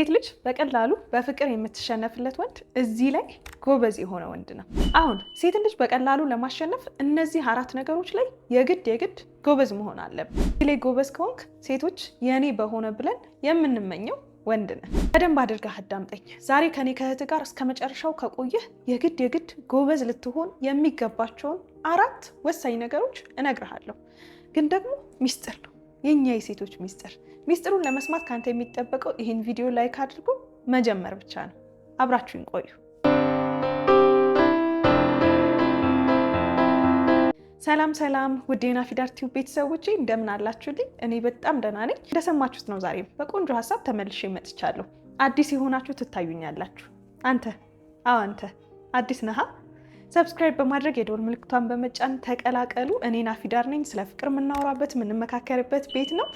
ሴት ልጅ በቀላሉ በፍቅር የምትሸነፍለት ወንድ እዚህ ላይ ጎበዝ የሆነ ወንድ ነው። አሁን ሴትን ልጅ በቀላሉ ለማሸነፍ እነዚህ አራት ነገሮች ላይ የግድ የግድ ጎበዝ መሆን አለብ። እዚህ ላይ ጎበዝ ከሆንክ ሴቶች የኔ በሆነ ብለን የምንመኘው ወንድ ነህ። በደንብ አድርገህ አዳምጠኝ። ዛሬ ከእኔ ከእህት ጋር እስከ መጨረሻው ከቆየህ የግድ የግድ ጎበዝ ልትሆን የሚገባቸውን አራት ወሳኝ ነገሮች እነግርሃለሁ። ግን ደግሞ ሚስጥር ነው የኛ የሴቶች ሚስጥር። ሚስጥሩን ለመስማት ካንተ የሚጠበቀው ይህን ቪዲዮ ላይክ አድርጎ መጀመር ብቻ ነው። አብራችሁን ቆዩ። ሰላም ሰላም፣ ውዴና ፊዳር ቲዩብ ቤተሰቦቼ እንደምን አላችሁልኝ? እኔ በጣም ደህና ነኝ። እንደሰማችሁት ነው ዛሬ በቆንጆ ሀሳብ ተመልሼ መጥቻለሁ። አዲስ የሆናችሁ ትታዩኛላችሁ። አንተ አዎ አንተ አዲስ ነሃ ሰብስክራይብ በማድረግ የደወል ምልክቷን በመጫን ተቀላቀሉ። እኔ ናፊዳር ነኝ። ስለ ፍቅር የምናወራበት የምንመካከርበት ቤት ነው።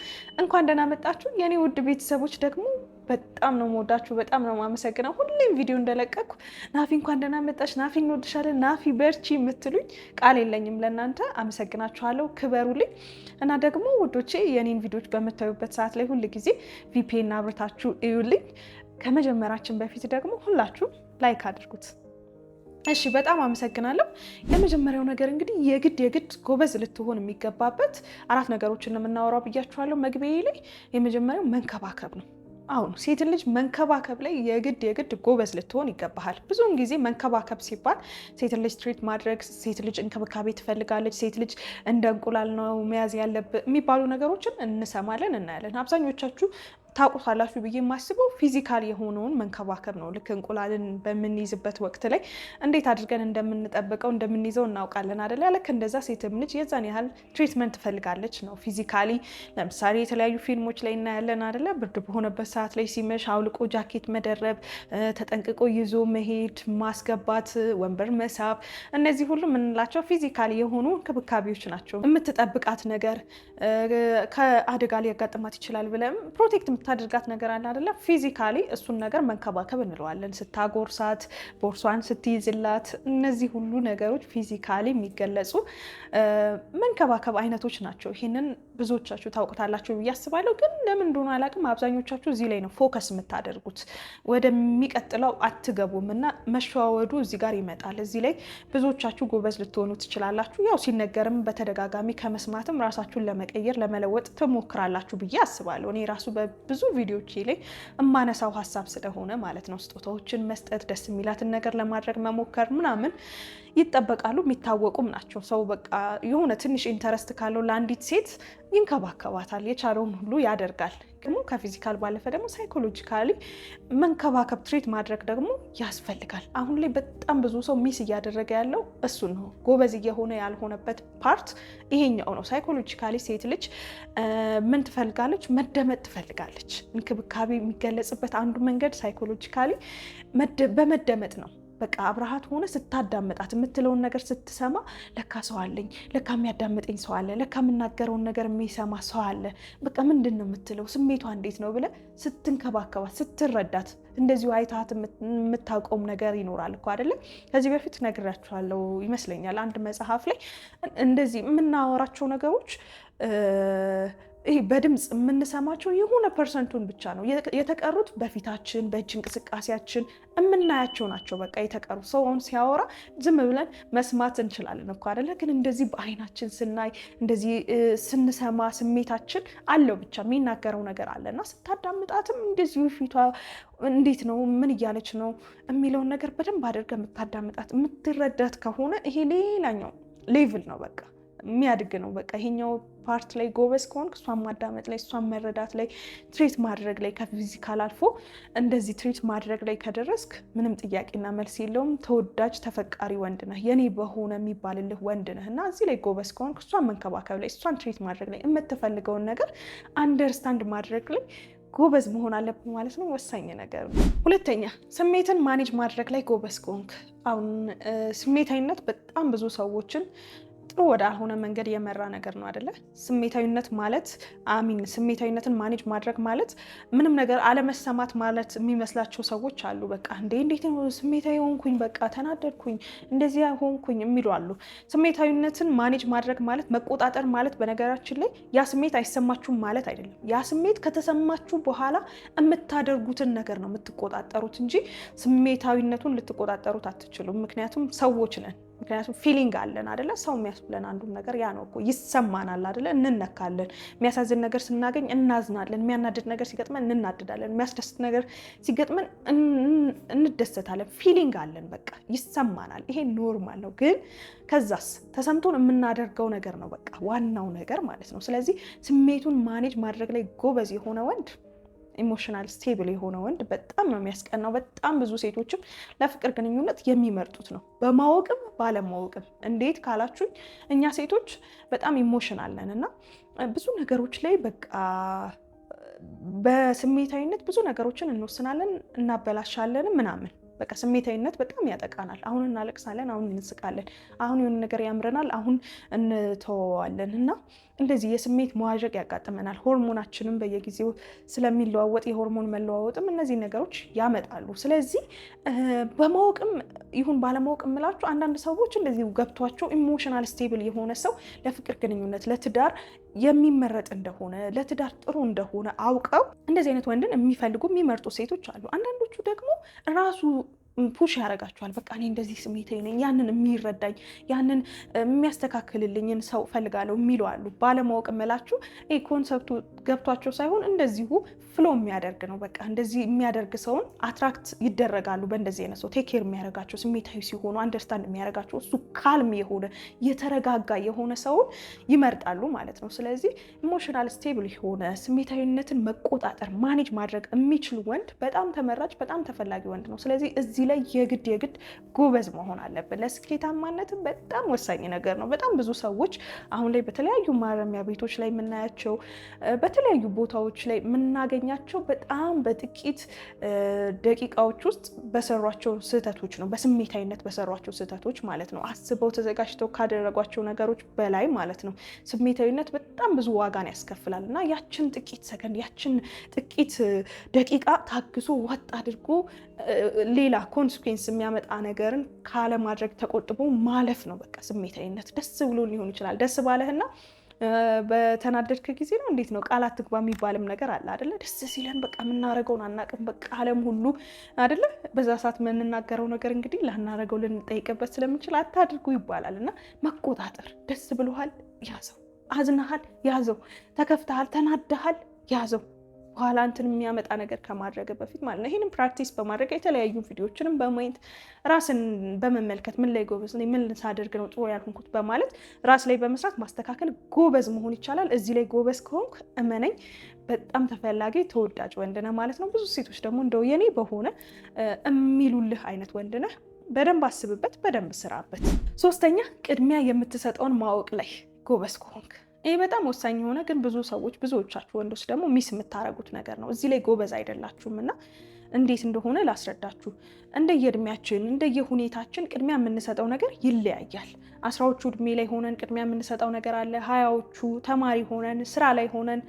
እንኳን ደህና መጣችሁ የኔ ውድ ቤተሰቦች። ደግሞ በጣም ነው መወዳችሁ፣ በጣም ነው ማመሰግነው። ሁሌም ቪዲዮ እንደለቀኩ ናፊ እንኳን ደህና መጣች ናፊ እንወድሻለን፣ ናፊ በርቺ የምትሉኝ ቃል የለኝም ለእናንተ። አመሰግናችኋለሁ፣ ክበሩልኝ። እና ደግሞ ውዶቼ የኔን ቪዲዮች በምታዩበት ሰዓት ላይ ሁል ጊዜ ቪፒኤን አብርታችሁ እዩልኝ። ከመጀመራችን በፊት ደግሞ ሁላችሁ ላይክ አድርጉት። እሺ በጣም አመሰግናለሁ። የመጀመሪያው ነገር እንግዲህ የግድ የግድ ጎበዝ ልትሆን የሚገባበት አራት ነገሮችን የምናወራው ብያችኋለሁ መግቢያ ላይ። የመጀመሪያው መንከባከብ ነው። አሁን ሴትን ልጅ መንከባከብ ላይ የግድ የግድ ጎበዝ ልትሆን ይገባሃል። ብዙውን ጊዜ መንከባከብ ሲባል ሴት ልጅ ትሪት ማድረግ፣ ሴት ልጅ እንክብካቤ ትፈልጋለች፣ ሴት ልጅ እንደ እንቁላል ነው መያዝ ያለብህ የሚባሉ ነገሮችን እንሰማለን፣ እናያለን። አብዛኞቻችሁ ታውቁታላችሁ ብዬ የማስበው ፊዚካል የሆነውን መንከባከብ ነው። ልክ እንቁላልን በምንይዝበት ወቅት ላይ እንዴት አድርገን እንደምንጠብቀው እንደምንይዘው እናውቃለን አደለ? ልክ እንደዛ ሴትም ልጅ የዛን ያህል ትሪትመንት ትፈልጋለች ነው። ፊዚካሊ ለምሳሌ የተለያዩ ፊልሞች ላይ እናያለን አደለ? ብርድ በሆነበት ሰዓት ላይ ሲመሽ አውልቆ ጃኬት መደረብ፣ ተጠንቅቆ ይዞ መሄድ፣ ማስገባት፣ ወንበር መሳብ፣ እነዚህ ሁሉ የምንላቸው ፊዚካሊ የሆኑ እንክብካቤዎች ናቸው። የምትጠብቃት ነገር ከአደጋ ሊያጋጥማት ይችላል ብለም ፕሮቴክት የምታደርጋት ነገር አለ አይደለ? ፊዚካሊ እሱን ነገር መንከባከብ እንለዋለን። ስታጎርሳት፣ ቦርሷን ስትይዝላት፣ እነዚህ ሁሉ ነገሮች ፊዚካሊ የሚገለጹ መንከባከብ አይነቶች ናቸው። ይህንን ብዙዎቻችሁ ታውቁታላችሁ ብዬ አስባለሁ። ግን ለምን እንደሆነ አላውቅም፣ አብዛኞቻችሁ እዚህ ላይ ነው ፎከስ የምታደርጉት፣ ወደሚቀጥለው አትገቡም እና መሸዋወዱ እዚህ ጋር ይመጣል። እዚህ ላይ ብዙዎቻችሁ ጎበዝ ልትሆኑ ትችላላችሁ። ያው ሲነገርም በተደጋጋሚ ከመስማትም ራሳችሁን ለመቀየር ለመለወጥ ትሞክራላችሁ ብዬ አስባለሁ። እኔ ራሱ በብዙ ቪዲዮች ላይ እማነሳው ሀሳብ ስለሆነ ማለት ነው። ስጦታዎችን መስጠት፣ ደስ የሚላትን ነገር ለማድረግ መሞከር ምናምን ይጠበቃሉ። የሚታወቁም ናቸው። ሰው በቃ የሆነ ትንሽ ኢንተረስት ካለው ለአንዲት ሴት ይንከባከባታል፣ የቻለውን ሁሉ ያደርጋል። ደግሞ ከፊዚካል ባለፈ ደግሞ ሳይኮሎጂካሊ መንከባከብ ትሬት ማድረግ ደግሞ ያስፈልጋል። አሁን ላይ በጣም ብዙ ሰው ሚስ እያደረገ ያለው እሱ ነው። ጎበዝ እየሆነ ያልሆነበት ፓርት ይሄኛው ነው። ሳይኮሎጂካሊ ሴት ልጅ ምን ትፈልጋለች? መደመጥ ትፈልጋለች። እንክብካቤ የሚገለጽበት አንዱ መንገድ ሳይኮሎጂካሊ በመደመጥ ነው። በቃ አብረሃት ሆነ ስታዳምጣት የምትለውን ነገር ስትሰማ ለካ ሰው አለኝ፣ ለካ የሚያዳምጠኝ ሰው አለ፣ ለካ የምናገረውን ነገር የሚሰማ ሰው አለ። በቃ ምንድን ነው የምትለው ስሜቷ እንዴት ነው ብለ ስትንከባከባት፣ ስትረዳት እንደዚሁ አይታት የምታውቀውም ነገር ይኖራል እኮ አይደለም። ከዚህ በፊት ነግራችኋለሁ ይመስለኛል አንድ መጽሐፍ ላይ እንደዚህ የምናወራቸው ነገሮች ይሄ በድምፅ የምንሰማቸው የሆነ ፐርሰንቱን ብቻ ነው። የተቀሩት በፊታችን በእጅ እንቅስቃሴያችን የምናያቸው ናቸው። በቃ የተቀሩ ሰውን ሲያወራ ዝም ብለን መስማት እንችላለን እኮ አይደለ? ግን እንደዚህ በአይናችን ስናይ፣ እንደዚህ ስንሰማ ስሜታችን አለው ብቻ የሚናገረው ነገር አለ እና ስታዳምጣትም እንደዚሁ ፊቷ እንዴት ነው ምን እያለች ነው የሚለውን ነገር በደንብ አድርገ የምታዳምጣት የምትረዳት ከሆነ ይሄ ሌላኛው ሌቭል ነው በቃ የሚያድግ ነው። በቃ ይሄኛው ፓርት ላይ ጎበዝ ከሆንክ እሷን ማዳመጥ ላይ፣ እሷን መረዳት ላይ፣ ትሪት ማድረግ ላይ ከፊዚካል አልፎ እንደዚህ ትሪት ማድረግ ላይ ከደረስክ ምንም ጥያቄና መልስ የለውም። ተወዳጅ ተፈቃሪ ወንድ ነህ፣ የኔ በሆነ የሚባልልህ ወንድ ነህ እና እዚህ ላይ ጎበዝ ከሆንክ እሷን መንከባከብ ላይ፣ እሷን ትሪት ማድረግ ላይ፣ የምትፈልገውን ነገር አንደርስታንድ ማድረግ ላይ ጎበዝ መሆን አለብህ ማለት ነው። ወሳኝ ነገር ነው። ሁለተኛ ስሜትን ማኔጅ ማድረግ ላይ ጎበዝ ከሆንክ አሁን ስሜታዊነት በጣም ብዙ ሰዎችን ጥሩ ወዳልሆነ መንገድ የመራ ነገር ነው አደለ? ስሜታዊነት ማለት አሚን ስሜታዊነትን ማኔጅ ማድረግ ማለት ምንም ነገር አለመሰማት ማለት የሚመስላቸው ሰዎች አሉ። በቃ እንዴ እንዴት ነው ስሜታዊ ሆንኩኝ፣ በቃ ተናደድኩኝ፣ እንደዚያ ሆንኩኝ የሚሉ አሉ። ስሜታዊነትን ማኔጅ ማድረግ ማለት መቆጣጠር ማለት በነገራችን ላይ ያ ስሜት አይሰማችሁም ማለት አይደለም። ያ ስሜት ከተሰማችሁ በኋላ የምታደርጉትን ነገር ነው የምትቆጣጠሩት እንጂ ስሜታዊነቱን ልትቆጣጠሩት አትችሉም። ምክንያቱም ሰዎች ነን። ምክንያቱም ፊሊንግ አለን አደለ? ሰው የሚያስብለን አንዱም ነገር ያ ነው እኮ ይሰማናል አደለ? እንነካለን። የሚያሳዝን ነገር ስናገኝ እናዝናለን። የሚያናድድ ነገር ሲገጥመን እናድዳለን። የሚያስደስት ነገር ሲገጥመን እንደሰታለን። ፊሊንግ አለን፣ በቃ ይሰማናል። ይሄ ኖርማል ነው። ግን ከዛስ ተሰምቶን የምናደርገው ነገር ነው በቃ ዋናው ነገር ማለት ነው። ስለዚህ ስሜቱን ማኔጅ ማድረግ ላይ ጎበዝ የሆነ ወንድ ኢሞሽናል ስቴብል የሆነ ወንድ በጣም ነው የሚያስቀናው። በጣም ብዙ ሴቶችም ለፍቅር ግንኙነት የሚመርጡት ነው በማወቅም ባለማወቅም። እንዴት ካላችሁኝ እኛ ሴቶች በጣም ኢሞሽናል ነን እና ብዙ ነገሮች ላይ በቃ በስሜታዊነት ብዙ ነገሮችን እንወስናለን፣ እናበላሻለንም ምናምን በቃ ስሜታዊነት በጣም ያጠቃናል። አሁን እናለቅሳለን፣ አሁን እንስቃለን፣ አሁን የሆነ ነገር ያምረናል፣ አሁን እንተወዋለን እና እንደዚህ የስሜት መዋዠቅ ያጋጥመናል። ሆርሞናችንም በየጊዜው ስለሚለዋወጥ የሆርሞን መለዋወጥም እነዚህ ነገሮች ያመጣሉ። ስለዚህ በማወቅም ይሁን ባለማወቅ የምላችሁ አንዳንድ ሰዎች እንደዚህ ገብቷቸው ኢሞሽናል ስቴብል የሆነ ሰው ለፍቅር ግንኙነት፣ ለትዳር የሚመረጥ እንደሆነ ለትዳር ጥሩ እንደሆነ አውቀው እንደዚህ አይነት ወንድን የሚፈልጉ የሚመርጡ ሴቶች አሉ። አንዳንዶቹ ደግሞ ራሱ ፑሽ ያደርጋችኋል። በቃ እኔ እንደዚህ ስሜት ነኝ፣ ያንን የሚረዳኝ ያንን የሚያስተካክልልኝን ሰው ፈልጋለሁ የሚሉ አሉ። ባለማወቅ መላችሁ ኮንሰፕቱ ገብቷቸው ሳይሆን እንደዚሁ ፍሎ የሚያደርግ ነው። በቃ እንደዚህ የሚያደርግ ሰውን አትራክት ይደረጋሉ። በእንደዚህ አይነት ሰው ቴክ ኬር የሚያደርጋቸው ስሜታዊ ሲሆኑ አንደርስታንድ የሚያደርጋቸው እሱ ካልም የሆነ የተረጋጋ የሆነ ሰውን ይመርጣሉ ማለት ነው። ስለዚህ ኢሞሽናል ስቴብል የሆነ ስሜታዊነትን መቆጣጠር ማኔጅ ማድረግ የሚችል ወንድ በጣም ተመራጭ፣ በጣም ተፈላጊ ወንድ ነው። ስለዚህ እዚህ ላይ የግድ የግድ ጎበዝ መሆን አለብን። ለስኬታማነትም በጣም ወሳኝ ነገር ነው። በጣም ብዙ ሰዎች አሁን ላይ በተለያዩ ማረሚያ ቤቶች ላይ የምናያቸው በተለያዩ ቦታዎች ላይ የምናገኛቸው በጣም በጥቂት ደቂቃዎች ውስጥ በሰሯቸው ስህተቶች ነው፣ በስሜታዊነት በሰሯቸው ስህተቶች ማለት ነው። አስበው ተዘጋጅተው ካደረጓቸው ነገሮች በላይ ማለት ነው። ስሜታዊነት በጣም ብዙ ዋጋን ያስከፍላል እና ያችን ጥቂት ሰከንድ ያችን ጥቂት ደቂቃ ታግሶ ወጥ አድርጎ ሌላ ኮንስኩንስ የሚያመጣ ነገርን ካለማድረግ ተቆጥቦ ማለፍ ነው። በቃ ስሜታዊነት ደስ ብሎ ሊሆን ይችላል ደስ ባለህና በተናደድክ ጊዜ ነው እንዴት ነው ቃላት ትግባ የሚባልም ነገር አለ አደለ? ደስ ሲለን በቃ የምናደረገውን አናቅም። በቃ አለም ሁሉ አደለ? በዛ ሰዓት የምንናገረው ነገር እንግዲህ ላናረገው ልንጠይቅበት ስለምንችል አታድርጉ ይባላል እና መቆጣጠር ደስ ብሎሃል፣ ያዘው። አዝነሃል፣ ያዘው። ተከፍተሃል፣ ተናደሃል፣ ያዘው አዝናሃል ያዘው ተከፍተሃል ተናደሃል ያዘው በኋላ እንትን የሚያመጣ ነገር ከማድረግ በፊት ማለት ነው። ይህንም ፕራክቲስ በማድረግ የተለያዩ ቪዲዮችንም በማየት ራስን በመመልከት ምን ላይ ጎበዝ ነኝ፣ ምን ሳደርግ ነው ጥሩ ያልሆንኩት በማለት ራስ ላይ በመስራት ማስተካከል ጎበዝ መሆን ይቻላል። እዚህ ላይ ጎበዝ ከሆንክ እመነኝ በጣም ተፈላጊ ተወዳጅ ወንድ ነህ ማለት ነው። ብዙ ሴቶች ደግሞ እንደው የኔ በሆነ የሚሉልህ አይነት ወንድ ነህ። በደንብ አስብበት፣ በደንብ ስራበት። ሶስተኛ ቅድሚያ የምትሰጠውን ማወቅ ላይ ጎበዝ ከሆንክ ይሄ በጣም ወሳኝ የሆነ ግን ብዙ ሰዎች ብዙዎቻችሁ ወንዶች ደግሞ ሚስ የምታረጉት ነገር ነው። እዚህ ላይ ጎበዝ አይደላችሁም እና እንዴት እንደሆነ ላስረዳችሁ። እንደየእድሜያችን እንደየሁኔታችን ቅድሚያ የምንሰጠው ነገር ይለያያል። አስራዎቹ እድሜ ላይ ሆነን ቅድሚያ የምንሰጠው ነገር አለ። ሀያዎቹ ተማሪ ሆነን ስራ ላይ ሆነን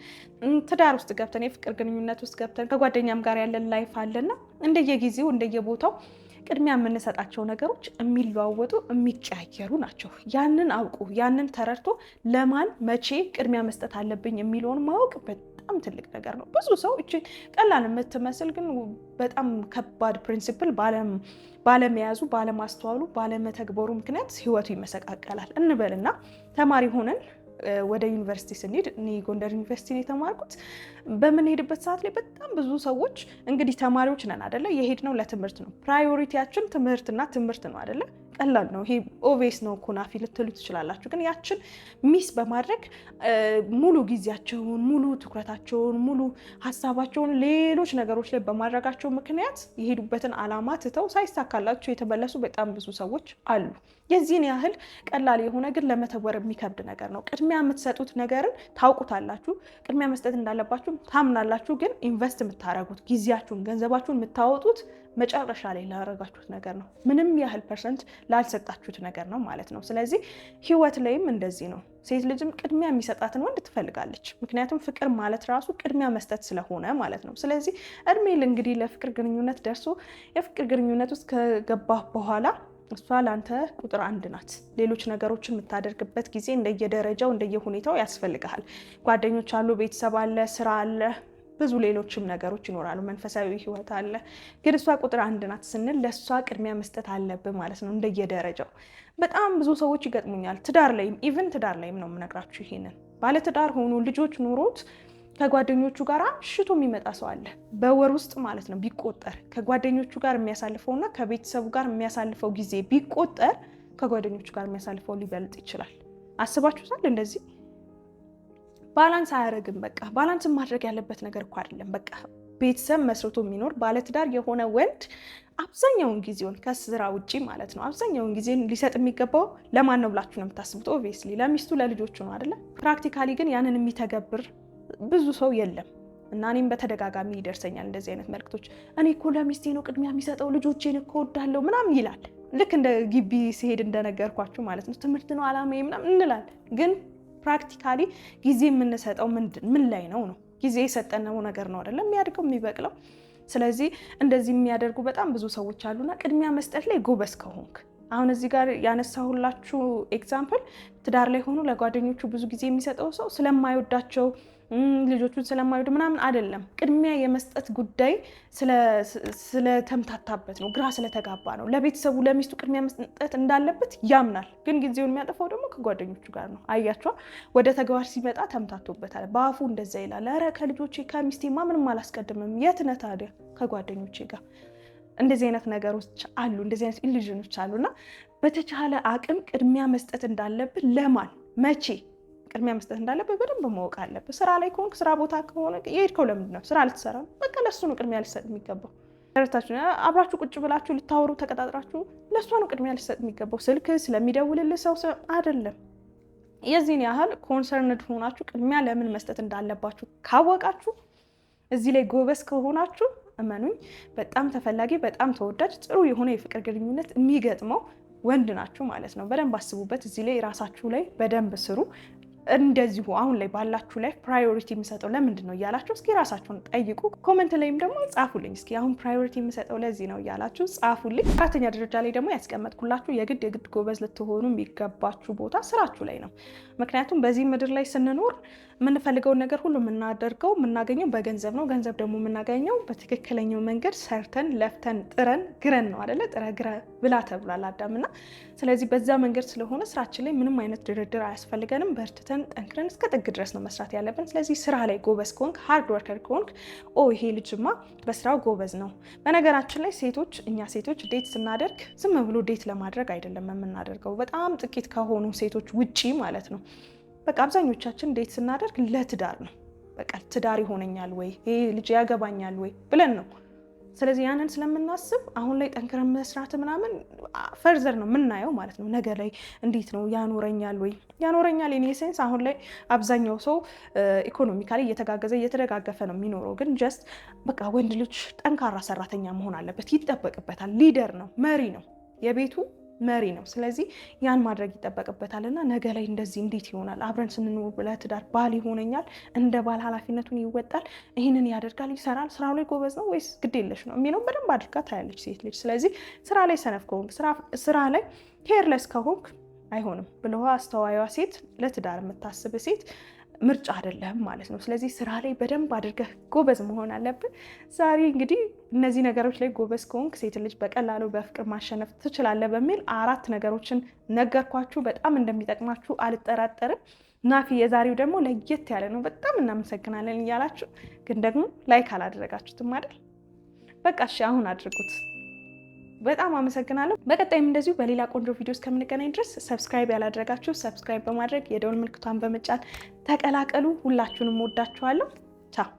ትዳር ውስጥ ገብተን የፍቅር ግንኙነት ውስጥ ገብተን ከጓደኛም ጋር ያለን ላይፍ አለና እንደየጊዜው እንደየቦታው ቅድሚያ የምንሰጣቸው ነገሮች የሚለዋወጡ የሚቀያየሩ ናቸው። ያንን አውቁ ያንን ተረድቶ ለማን መቼ ቅድሚያ መስጠት አለብኝ የሚለውን ማወቅ በጣም ትልቅ ነገር ነው። ብዙ ሰው እች ቀላል የምትመስል ግን በጣም ከባድ ፕሪንሲፕል ባለመያዙ፣ ባለማስተዋሉ፣ ባለመተግበሩ ምክንያት ህይወቱ ይመሰቃቀላል እንበልና ተማሪ ሆነን ወደ ዩኒቨርሲቲ ስንሄድ እኔ ጎንደር ዩኒቨርሲቲ ነው የተማርኩት። በምንሄድበት ሰዓት ላይ በጣም ብዙ ሰዎች እንግዲህ ተማሪዎች ነን አደለ? የሄድነው ለትምህርት ነው። ፕራዮሪቲያችን ትምህርትና ትምህርት ነው አደለ? ቀላል ነው። ይሄ ኦቬስ ነው ኮናፊ ልትሉ ትችላላችሁ። ግን ያችን ሚስ በማድረግ ሙሉ ጊዜያቸውን፣ ሙሉ ትኩረታቸውን፣ ሙሉ ሀሳባቸውን ሌሎች ነገሮች ላይ በማድረጋቸው ምክንያት የሄዱበትን አላማ ትተው ሳይሳካላቸው የተመለሱ በጣም ብዙ ሰዎች አሉ። የዚህን ያህል ቀላል የሆነ ግን ለመተወር የሚከብድ ነገር ነው። ቅድሚያ የምትሰጡት ነገርን ታውቁታላችሁ፣ ቅድሚያ መስጠት እንዳለባችሁ ታምናላችሁ። ግን ኢንቨስት የምታረጉት ጊዜያችሁን፣ ገንዘባችሁን የምታወጡት መጨረሻ ላይ ላደረጋችሁት ነገር ነው። ምንም ያህል ፐርሰንት ላልሰጣችሁት ነገር ነው ማለት ነው። ስለዚህ ህይወት ላይም እንደዚህ ነው። ሴት ልጅም ቅድሚያ የሚሰጣትን ወንድ ትፈልጋለች። ምክንያቱም ፍቅር ማለት ራሱ ቅድሚያ መስጠት ስለሆነ ማለት ነው። ስለዚህ እድሜ እንግዲህ ለፍቅር ግንኙነት ደርሶ የፍቅር ግንኙነት ውስጥ ከገባህ በኋላ እሷ ለአንተ ቁጥር አንድ ናት። ሌሎች ነገሮችን የምታደርግበት ጊዜ እንደየደረጃው እንደየሁኔታው ያስፈልግሃል። ጓደኞች አሉ፣ ቤተሰብ አለ፣ ስራ አለ፣ ብዙ ሌሎችም ነገሮች ይኖራሉ። መንፈሳዊ ህይወት አለ። ግን እሷ ቁጥር አንድ ናት ስንል ለእሷ ቅድሚያ መስጠት አለብን ማለት ነው፣ እንደየደረጃው። በጣም ብዙ ሰዎች ይገጥሙኛል። ትዳር ላይም ኢቭን ትዳር ላይም ነው የምነግራችሁ ይሄንን። ባለትዳር ሆኖ ልጆች ኑሮት ከጓደኞቹ ጋር ሽቶ የሚመጣ ሰው አለ። በወር ውስጥ ማለት ነው ቢቆጠር ከጓደኞቹ ጋር የሚያሳልፈውና ከቤተሰቡ ጋር የሚያሳልፈው ጊዜ ቢቆጠር ከጓደኞቹ ጋር የሚያሳልፈው ሊበልጥ ይችላል። አስባችሁታል እንደዚህ ባላንስ አያደርግም። በቃ ባላንስ ማድረግ ያለበት ነገር እኮ አይደለም። በቃ ቤተሰብ መስርቶ የሚኖር ባለትዳር የሆነ ወንድ አብዛኛውን ጊዜውን ከስራ ውጪ ማለት ነው አብዛኛውን ጊዜ ሊሰጥ የሚገባው ለማን ነው ብላችሁ ነው የምታስቡት? ኦብቪየስሊ ለሚስቱ ለልጆቹ ነው አይደለ? ፕራክቲካሊ ግን ያንን የሚተገብር ብዙ ሰው የለም። እና እኔም በተደጋጋሚ ይደርሰኛል እንደዚህ አይነት መልክቶች። እኔ እኮ ለሚስቴ ነው ቅድሚያ የሚሰጠው ልጆቼን እኮ ወዳለው ምናምን ይላል። ልክ እንደ ግቢ ሲሄድ እንደነገርኳችሁ ማለት ነው ትምህርት ነው አላማ ምናምን እንላል ግን ፕራክቲካሊ ጊዜ የምንሰጠው ምን ላይ ነው ነው ጊዜ የሰጠነው ነገር ነው አይደለም የሚያድገው የሚበቅለው። ስለዚህ እንደዚህ የሚያደርጉ በጣም ብዙ ሰዎች አሉና ቅድሚያ መስጠት ላይ ጎበዝ ከሆንክ አሁን እዚህ ጋር ያነሳሁላችሁ ኤግዛምፕል ትዳር ላይ ሆኖ ለጓደኞቹ ብዙ ጊዜ የሚሰጠው ሰው ስለማይወዳቸው ልጆቹን ስለማይወድ ምናምን አይደለም። ቅድሚያ የመስጠት ጉዳይ ስለተምታታበት ነው፣ ግራ ስለተጋባ ነው። ለቤተሰቡ ለሚስቱ ቅድሚያ መስጠት እንዳለበት ያምናል። ግን ጊዜውን የሚያጠፋው ደግሞ ከጓደኞቹ ጋር ነው። አያቸዋ ወደ ተግባር ሲመጣ ተምታቶበታል። በአፉ እንደዛ ይላል፣ ኧረ ከልጆቼ ከሚስቴማ ምንም አላስቀድምም። የት ነህ ታዲያ? ከጓደኞቼ ጋር እንደዚህ አይነት ነገሮች አሉ፣ እንደዚህ አይነት ኢሉዥኖች አሉና በተቻለ አቅም ቅድሚያ መስጠት እንዳለብን ለማን መቼ ቅድሚያ መስጠት እንዳለበት በደንብ ማወቅ አለበት ስራ ላይ ከሆንክ ስራ ቦታ ከሆነ የሄድከው ለምንድን ነው? ስራ ልትሰራ ነው። በቃ ለእሱ ነው ቅድሚያ ሊሰጥ የሚገባው። ረታችሁ አብራችሁ ቁጭ ብላችሁ ልታወሩ ተቀጣጥራችሁ፣ ለእሷ ነው ቅድሚያ ሊሰጥ የሚገባው። ስልክ ስለሚደውልልህ ሰው አይደለም። የዚህን ያህል ኮንሰርንድ ሆናችሁ ቅድሚያ ለምን መስጠት እንዳለባችሁ ካወቃችሁ እዚህ ላይ ጎበዝ ከሆናችሁ እመኑኝ በጣም ተፈላጊ በጣም ተወዳጅ ጥሩ የሆነ የፍቅር ግንኙነት የሚገጥመው ወንድ ናችሁ ማለት ነው። በደንብ አስቡበት። እዚህ ላይ ራሳችሁ ላይ በደንብ ስሩ። እንደዚሁ አሁን ላይ ባላችሁ ላይፍ ፕራዮሪቲ የምሰጠው ለምንድን ነው እያላችሁ እስኪ ራሳችሁን ጠይቁ። ኮመንት ላይም ደግሞ ጻፉልኝ። እስኪ አሁን ፕራዮሪቲ የምሰጠው ለዚህ ነው እያላችሁ ጻፉልኝ። አራተኛ ደረጃ ላይ ደግሞ ያስቀመጥኩላችሁ የግድ የግድ ጎበዝ ልትሆኑ የሚገባችሁ ቦታ ስራችሁ ላይ ነው። ምክንያቱም በዚህ ምድር ላይ ስንኖር የምንፈልገውን ነገር ሁሉ የምናደርገው የምናገኘው በገንዘብ ነው። ገንዘብ ደግሞ የምናገኘው በትክክለኛው መንገድ ሰርተን ለፍተን ጥረን ግረን ነው አደለ? ጥረ ግረ ብላ ተብሏል አዳምና። ስለዚህ በዛ መንገድ ስለሆነ ስራችን ላይ ምንም አይነት ድርድር አያስፈልገንም። በርትተን ተግተን ጠንክረን እስከ ጥግ ድረስ ነው መስራት ያለብን። ስለዚህ ስራ ላይ ጎበዝ ከሆንክ፣ ሃርድ ወርከር ከሆንክ፣ ኦ ይሄ ልጅማ በስራው ጎበዝ ነው። በነገራችን ላይ ሴቶች እኛ ሴቶች ዴት ስናደርግ ዝም ብሎ ዴት ለማድረግ አይደለም የምናደርገው፣ በጣም ጥቂት ከሆኑ ሴቶች ውጪ ማለት ነው። በቃ አብዛኞቻችን ዴት ስናደርግ ለትዳር ነው። በቃ ትዳር ይሆነኛል ወይ ይሄ ልጅ ያገባኛል ወይ ብለን ነው ስለዚህ ያንን ስለምናስብ አሁን ላይ ጠንክረን መስራት ምናምን ፈርዘር ነው የምናየው ማለት ነው። ነገ ላይ እንዴት ነው ያኖረኛል ወይ ያኖረኛል ኔ ሴንስ አሁን ላይ አብዛኛው ሰው ኢኮኖሚካሊ እየተጋገዘ እየተደጋገፈ ነው የሚኖረው። ግን ጀስት በቃ ወንድ ልጅ ጠንካራ ሰራተኛ መሆን አለበት፣ ይጠበቅበታል። ሊደር ነው፣ መሪ ነው የቤቱ መሪ ነው። ስለዚህ ያን ማድረግ ይጠበቅበታል እና ነገ ላይ እንደዚህ እንዴት ይሆናል አብረን ስንኖር ለትዳር ባል ይሆነኛል፣ እንደ ባል ኃላፊነቱን ይወጣል፣ ይህንን ያደርጋል፣ ይሰራል፣ ስራ ላይ ጎበዝ ነው ወይስ ግድ የለሽ ነው የሚለውን በደንብ አድርጋ ታያለች ሴት ልጅ። ስለዚህ ስራ ላይ ሰነፍ ከሆንክ፣ ስራ ላይ ኬርለስ ከሆንክ አይሆንም ብለ አስተዋይዋ ሴት ለትዳር የምታስብ ሴት ምርጫ አይደለህም ማለት ነው። ስለዚህ ስራ ላይ በደንብ አድርገህ ጎበዝ መሆን አለብን። ዛሬ እንግዲህ እነዚህ ነገሮች ላይ ጎበዝ ከሆንክ ሴት ልጅ በቀላሉ በፍቅር ማሸነፍ ትችላለህ በሚል አራት ነገሮችን ነገርኳችሁ። በጣም እንደሚጠቅማችሁ አልጠራጠርም። ናፊ የዛሬው ደግሞ ለየት ያለ ነው። በጣም እናመሰግናለን እያላችሁ ግን ደግሞ ላይክ አላደረጋችሁትም አይደል? በቃ እሺ አሁን አድርጉት። በጣም አመሰግናለሁ። በቀጣይም እንደዚሁ በሌላ ቆንጆ ቪዲዮ እስከምንገናኝ ድረስ ሰብስክራይብ ያላደረጋችሁ ሰብስክራይብ በማድረግ የደውል ምልክቷን በመጫን ተቀላቀሉ። ሁላችሁንም ወዳችኋለሁ። ቻው